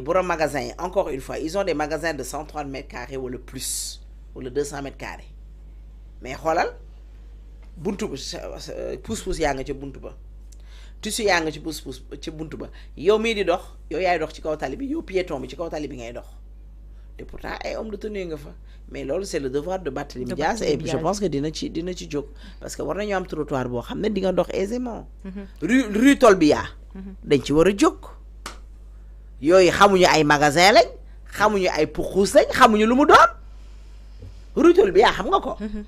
mais un magasin encore une fois ils ont des magasins de 130 mètres carrés le plus ou le 200 mètres carrés mais xoolal buntu pousse-pousse yaa nga ca buntu ba tissu yaa nga ci pousse-pousse ci buntu ba yow mi di dox yow yaay dox ci kaw tali bi yow piéton bi ci kaw tali bi ngay dox Et pourtant ay hommes de tenue nga fa mais lolu c'est le devoir de Barthélémy Dias et je pense que dina ci dina ci jóg parce que war nañoo am trottoir bo xamné ne di nga dox aisément mhm. rue rue Tolbiya mhm. dañ ci wara a yooyu xamuñu ay magasin lañ xamuñu ay puxuus lañ xamuñu lu mu doon rutul bi yaa xam nga ko mhm.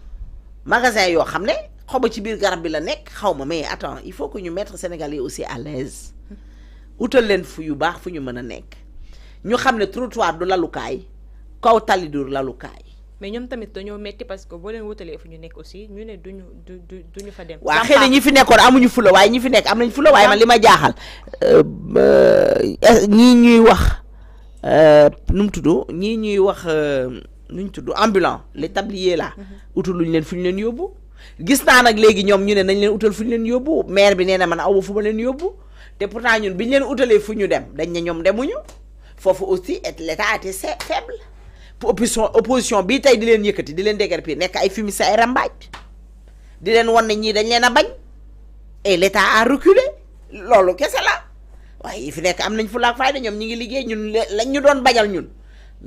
magasin yoo xam ne xoba ci biir garab bi la nekk xaw ma mais attends il faut que ñu mettre Sénégalais aussi à l'aise utal leen fu yu baax fu ñu mën a nekk ñu xam ne trottoir du lalukaay kaw tali du lalukaay mais ñoom tamit dañoo metti parce que boo leen wutalee fu ñu nekk aussi ñu ne duñu du du duñu fa dem. waaw xëy na ñi fi nekkoon amuñu fula waaye ñi fi nekk am nañ fula waaye man li ma jaaxal euh, euh, ñii ñuy wax euh, nu mu tudd ñii ñuy wax nu ñu tudd ambulant li tabliers là. Mhm. utul luñ leen fu ñu leen yóbbu. gis naa nag léegi ñoom ñu ne nañ leen utal fu ñu leen yóbbu maire bi nee na man aw fu ma leen yóbbu te pourtant ñun ñu leen utalee fu ñu dem dañ ne ñoom demuñu foofu aussi et l' état opposition opposition bi tey di leen yëkkati di leen déguerpi nekk ay fumiste ay rambaaj di leen won ne ñii dañ leen a bañ et l' état a reculé loolu kese la waaye yi fi nekk am nañ fulaak fayda ñoom ñi ngi liggéey ñun lañ ñu doon bañal ñun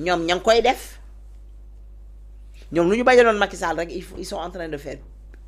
ñoom ña ngi koy def ñoom lu ñu bajaloon Macky Sall rek ils sont en train de faire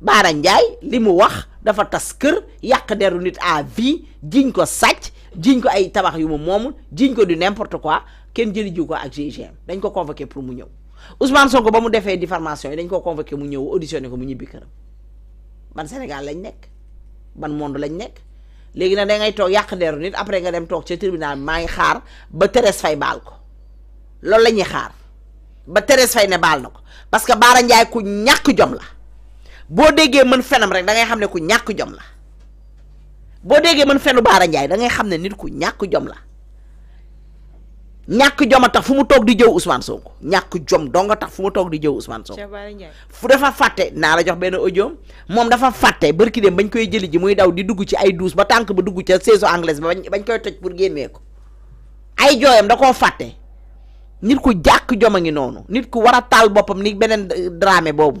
Baara Ndiaye li mu wax dafa tas kër yàq deru nit à vie jiñ ko sàcc jiñ ko ay tabax yu mu moomul jiñ ko du n'importe quoi kenn jëli jiw ko ak GIGM dañ ko convoqué pour mu ñëw soo ko ba mu defee diffamation yi dañ ko convoqué mu ñëw auditionné ko mu ñibbi këram ban Sénégal lañ nekk ban monde lañ nekk léegi nag da ngay toog yàq deru nit après nga dem toog ca tirbinaal maa ngi xaar ba Thérèse Faye baal ko loolu la ñuy xaar ba Thérèse Faye ne baal na ko parce que Baara Ndiaye ñàkk jom la. boo déggee mën fenam rek da ngay xam ne ku ñàkk jom la boo déggee mën fenu Baara Ndiaye da ngay xam ne nit ku ñàkk jom la ñàkk jom tax fu mu toog di jëw Ousmane Sonko ñàkk jom dong a tax fu mu toog di jëw Ousmane Sonko fu dafa fàtte naa la jox benn audio moom dafa fàtte barki dem bañ koy jëli ji muy daw di dugg ci ay douche ba tànk ba dugg ca saison anglaise ba bañ koy toj pour génnee ko ay jooyam da koo fàtte nit ku jàkk jom a ngi noonu nit ku war a taal boppam ni beneen drame boobu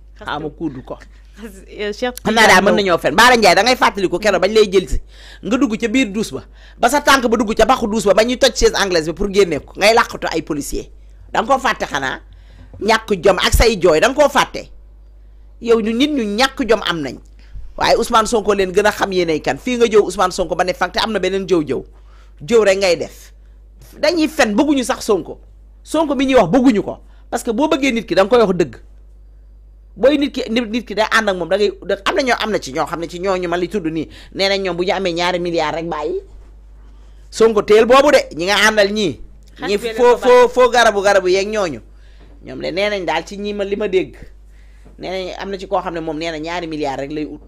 xaama ah, kuudu ko xam naa daal mën nañoo fen Baara Ndiaye da ngay fàttaliku keroog bañ lay jël si nga dugg ca biir duus ba ba sa tànk ba dugg ca baxu duus ba ba ñuy toj chaise anglaise bi pour génne ko ngay làqatu ay policier da koo fàtte xanaa ñàkk jom ak say jooy da nga koo fàtte yow ñu nit ñu ñàkk jom am nañ waaye Ousmane Sonko leen gën a xam yéenay kan fii nga jëw Ousmane Sonko ba ne fang te am na beneen jëw jëw jëw rek ngay def dañuy fen bëgguñu sax Sonko Sonko bi ñu wax bëgguñu ko parce que boo bëggee nit ki da nga koy wax dëgg booy nit ki nit ki day àndak moom da am na ñoo am na ci ñoo xam ne ci ñooñu ma li tudd nii nee nañ ñoom bu ñu amee ñaari milliards rek bàyyi teel boobu de ñi nga àndal ñii ñi foo foo garabu garabu yeeg ñooñu ñoom de nee nañ daal ci ñii ma li ma dégg nee nañ am na ci koo xam ne moom nee na ñaari milliards rek lay ut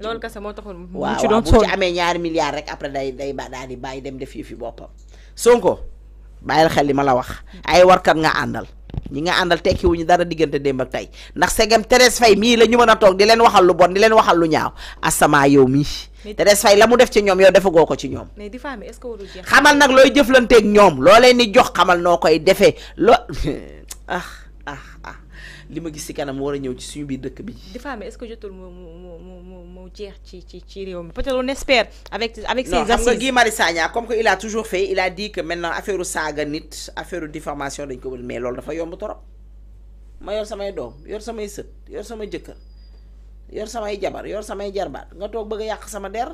loolu kese moo taxoon waaw waaw bu ci amee ñaari milliards rek après day day ba daal di bàyyi dem def yi fi boppam Sonko bàyyil xel li ma la wax ay warkat nga àndal ñi nga àndal tekki wuñu dara diggante démb ak tey ndax segam Thérèse Faye mii la ñu mën a toog di leen waxal lu bon di leen waxal lu ñaaw asama yow mii Thérèse Faye la mu def ci ñoom yow defagoo ko ci ñoom xamal nag looy jëflanteeg ñoom loo leen di jox xamal noo koy defee loo ah ah, ah. lima ma gis si kanam war a ñëw ci suñu biir dëkk bi. mais est-ce que jotul mu mu mu mu jeex ci ci ci réew mi peut-être on espère. avec avec ces assises non xam nga Guy Sagna comme que il a toujours fait il a dit que maintenant affaire saaga nit affaire diffamation dañ ko wër mais loolu dafa yomb torop ma yor samay doom yor samay sët yor samay jëkkër. yor samay jabar yor samay jarbaat nga toog bëgg a yàq sama der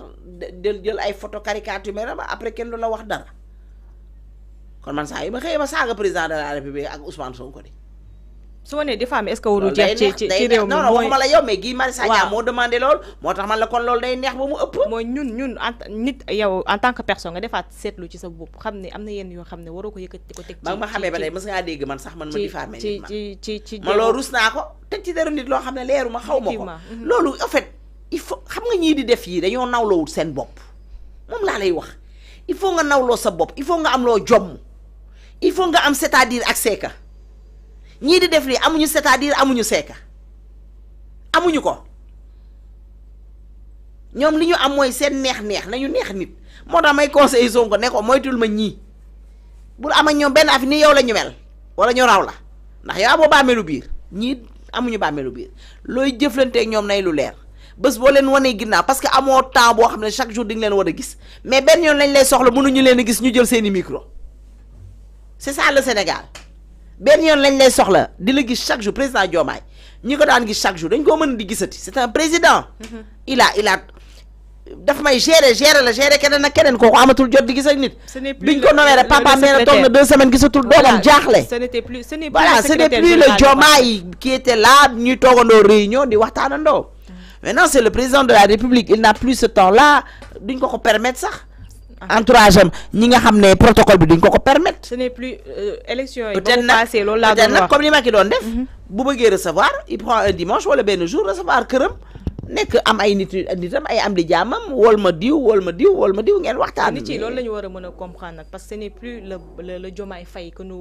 jël jël ay photo caricature mais ma après kenn du la wax dara kon man saa yi ma xëyee ma saaga président de la république ak Ousmane Sonko di su ma nee des femmes est-ce que waru jeex ci ci ci réew la yow mais Guy moo demandé lool moo tax man la kon loolu day neex ba mu ëpp mooy ñun ñun en nit yow en tant que person nga defaat seetlu ci sa bopp xam ne am na yenn yoo xam ne waroo ko yëkkati ko teg ba ma xamee ba tey mës ngaa ma diffamé nit ci ci ci ma rus naa ko teg ci deru nit loo xam ne leeru ma xaw ma ko mhm. loolu en fait il faut xam nga ñii di def yii dañoo nawloowul seen bopp moom laa lay wax il faut nga nawloo sa bopp il faut nga am loo jomm il faut nga am c'est-à-dire ak seeka ñii di def lii amuñu c'est-à-dire amuñu seeka amuñu ko ñom li ñu am moy sen neex-neex nañu neex nit mo tax may conseil ko ne ko moytul ma ñi bul am ak ñoom benn affaire ni yow la ñu mel wala ñu raw la ndax yow amoo bàmmeelu biir ñii amuñu bàmmeelu biir looy jëflanteeg ñom nay lu leer bés bo leen woné ginnaw parce que amo temps bo xamné chaque jour di leen wara gis mais ben yoon lañ lay soxla ñu leen gis ñu jël seeni micro c'est ça le Sénégal. Ben yoon lañ lay soxla di la gis chaque jour président Diomaye ñi ko daan gis chaque jour dañ ko mën di gisati c'est un président. Mm-hmm. il a il a daf may gérer gérer la gérer keneen ak keneen kooku amatul jot di gis ak nit. biñ ko nommé rek papa nee na toog na deux semaines gisatul doomam jaaxle. ce n'était plus ce n'est plus ce plus le Diomaye qui était là ñuy toogandoo réunion di waxtaanandoo. Mm-hmm. maintenant c'est le président de la République il n'a plus ce temps là duñ ko ko permettre sax. Ah. entourage ñi nga protocole ce n'est plus euh, élection comme mhm. recevoir il prend un dimanche wala jour recevoir am ay nit nitam ay am wol ma diw wol ma diw wol ma diw waxtaan. comprendre parce que ce n'est plus le le que nous.